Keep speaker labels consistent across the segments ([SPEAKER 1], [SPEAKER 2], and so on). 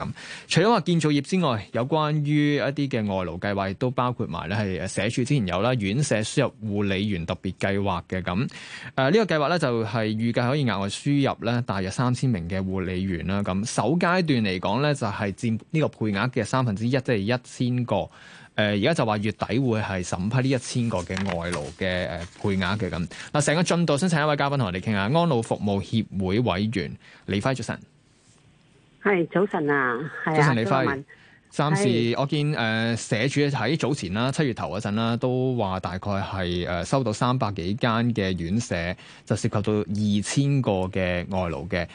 [SPEAKER 1] 咁，除咗話建造業之外，有關於一啲嘅外勞計劃，亦都包括埋咧係社署之前有啦，院舍輸入護理員特別計劃嘅咁。誒呢個計劃咧就係預計可以額外輸入咧大約三千名嘅護理員啦。咁首階段嚟講咧就係佔呢個配額嘅三分之一，即係一千個。誒而家就話月底會係審批呢一千個嘅外勞嘅誒配額嘅咁。嗱，成個進度想請一位嘉賓同我哋傾下，安老服務協會委員李輝爵士。
[SPEAKER 2] 係早晨啊，早晨李輝，啊。暫時
[SPEAKER 1] 我見誒、呃、社署喺早前啦，七月頭嗰陣啦，都話大概係誒收到三百幾間嘅院舍，就涉及到二千個嘅外勞嘅。誒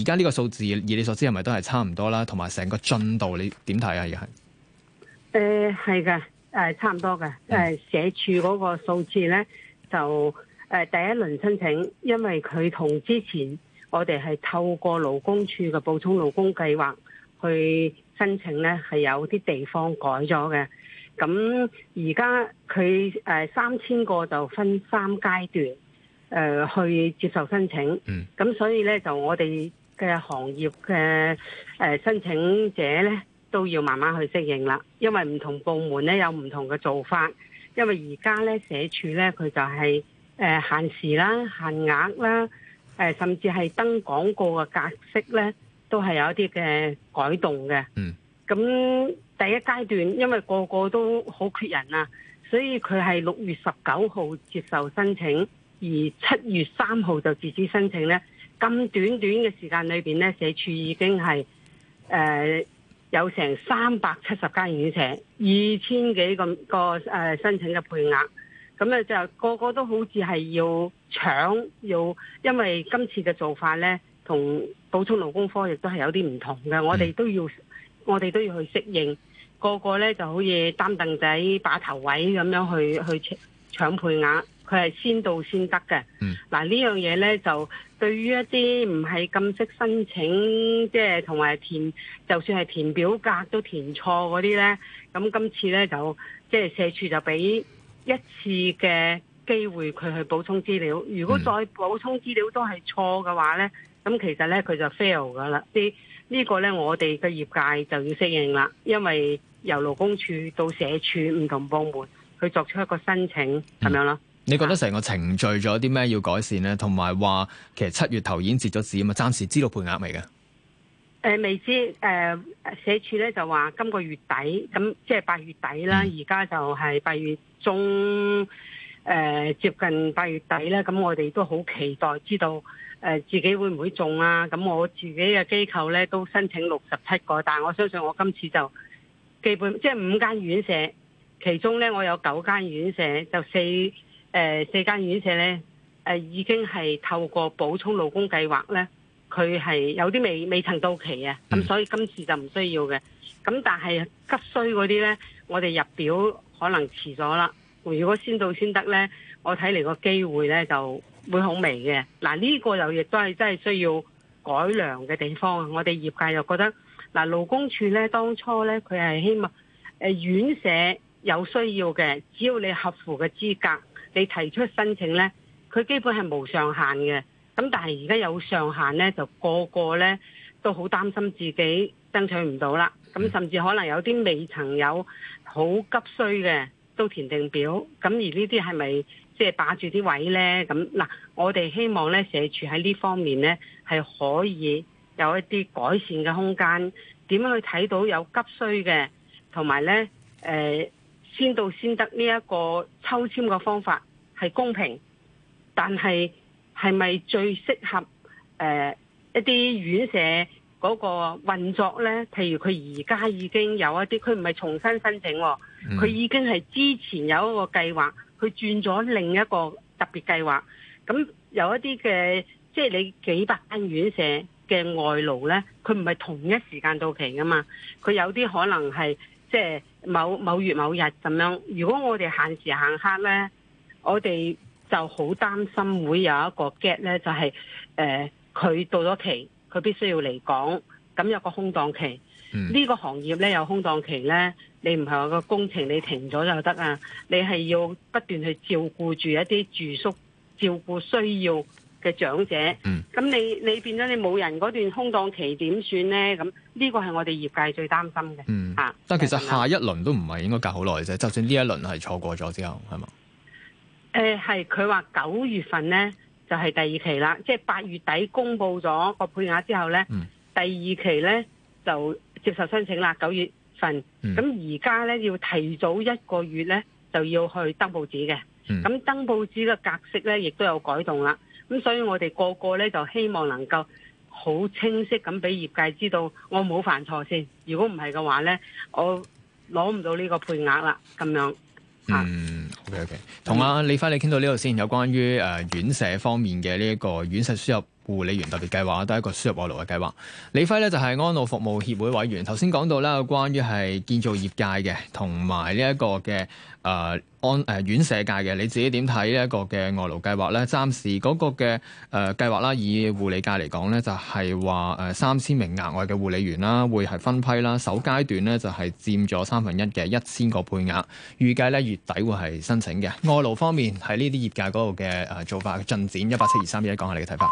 [SPEAKER 1] 而家呢個數字以你所知係咪都係差唔多啦？同埋成個進度你點睇啊？而家係誒係
[SPEAKER 2] 嘅，誒、呃、差唔多嘅。誒、嗯呃、社署嗰個數字咧就誒、呃、第一輪申請，因為佢同之前。我哋係透過勞工處嘅補充勞工計劃去申請呢，係有啲地方改咗嘅。咁而家佢三千個就分三階段誒去接受申請。咁、嗯、所以呢，就我哋嘅行業嘅申請者呢都要慢慢去適應啦。因為唔同部門呢有唔同嘅做法。因為而家呢社署呢，佢就係誒限時啦、限額啦。誒，甚至係登廣告嘅格式咧，都係有一啲嘅改動嘅。嗯，咁第一階段，因為個個都好缺人啊，所以佢係六月十九號接受申請，而七月三號就截止申請咧。咁短短嘅時間裏邊咧，社署已經係誒、呃、有成三百七十間院舍，二千幾個個誒、呃、申請嘅配額。咁咧就個個都好似係要搶，要因為今次嘅做法咧，同補充勞工科亦都係有啲唔同嘅、嗯。我哋都要，我哋都要去適應。個個咧就好似擔凳仔、把頭位咁樣去去搶配額，佢係先到先得嘅。嗱、嗯啊、呢樣嘢咧就對於一啲唔係咁識申請，即係同埋填，就算係填表格都填錯嗰啲咧，咁今次咧就即係社署就俾一次嘅機會，佢去補充資料。如果再補充資料都係錯嘅話呢咁、嗯、其實呢，佢就 fail 噶啦。呢呢個呢，我哋嘅業界就要適應啦。因為由勞工處到社署唔同部門去
[SPEAKER 1] 作出一個申請，係咪咯？你覺得成個程序仲有啲咩要改善呢？同埋話其實七月頭已經截咗止，啊嘛，暫時知道配額未㗎？
[SPEAKER 2] 誒未知，誒社署咧就話今個月底，咁即係八月底啦。而家就係八月中，誒、呃、接近八月底啦。咁我哋都好期待知道誒、呃、自己會唔會中啊！咁我自己嘅機構咧都申請六十七個，但我相信我今次就基本即係五間院舍，其中咧我有九間院舍，就四誒四間院舍咧誒已經係透過補充勞工計劃咧。佢係有啲未未曾到期嘅，咁所以今次就唔需要嘅。咁但係急需嗰啲呢，我哋入表可能遲咗啦。如果先到先得呢，我睇嚟個機會呢就會好微嘅。嗱，呢個又亦都係真係需要改良嘅地方。我哋業界又覺得嗱，勞工處呢，當初呢，佢係希望誒、呃、院舍有需要嘅，只要你合符嘅資格，你提出申請呢，佢基本係無上限嘅。咁但係而家有上限呢，就個個呢都好擔心自己爭取唔到啦。咁甚至可能有啲未曾有好急需嘅都填定表。咁而呢啲係咪即係霸住啲位呢？咁嗱，我哋希望呢，社署喺呢方面呢，係可以有一啲改善嘅空間。點樣去睇到有急需嘅，同埋呢，誒、呃、先到先得呢一個抽籤嘅方法係公平，但係。係咪最適合誒、呃、一啲院舍嗰個運作呢？譬如佢而家已經有一啲，佢唔係重新申請喎，佢、嗯、已經係之前有一個計劃，佢轉咗另一個特別計劃。咁有一啲嘅，即係你幾百間院舍嘅外勞呢，佢唔係同一時間到期噶嘛，佢有啲可能係即係某某月某日咁樣。如果我哋限時限刻呢，我哋。就好擔心會有一個 gap 咧，就係誒，佢到咗期，佢必須要嚟講，咁有個空檔期。呢個行業咧，有空檔期咧，你唔係話個工程你停咗就得啊，你係要不斷去照顧住一啲住宿照顧需要嘅長者。咁你你變咗你冇人嗰段空檔期點算咧？咁呢個係我哋業界最擔心嘅吓。但係其實下一
[SPEAKER 1] 輪都唔係應該隔好耐啫，就算呢一輪係錯過咗之後，係嘛？
[SPEAKER 2] 誒、呃，係佢話九月份呢就係、是、第二期啦，即係八月底公布咗個配額之後呢、嗯，第二期呢就接受申請啦。九月份，咁而家呢要提早一個月呢就要去登報紙嘅。咁、嗯、登報紙嘅格式呢亦都有改動啦。咁所以我哋個個呢就希望能夠好清晰咁俾業界知道，我冇犯錯先。如果唔係嘅話呢，我攞唔到呢個配額啦。咁樣、嗯
[SPEAKER 1] OK，同、okay。阿李輝，你傾到呢度先，有關於誒院舍方面嘅呢一個院舍輸入。護理員特別計劃都係一個輸入外勞嘅計劃。李輝咧就係安老服務協會委員。頭先講到啦，關於係建造業界嘅、這個，同埋呢一個嘅誒安誒院舍界嘅，你自己點睇呢一個嘅外勞計劃咧？暫時嗰個嘅誒、呃、計劃啦，以護理界嚟講咧，就係話誒三千名額外嘅護理員啦，會係分批啦。首階段咧就係佔咗三分一嘅一千個配額，預計咧月底會係申請嘅外勞方面喺呢啲業界嗰度嘅誒做法嘅進展。一八七二三一，講下你嘅睇法。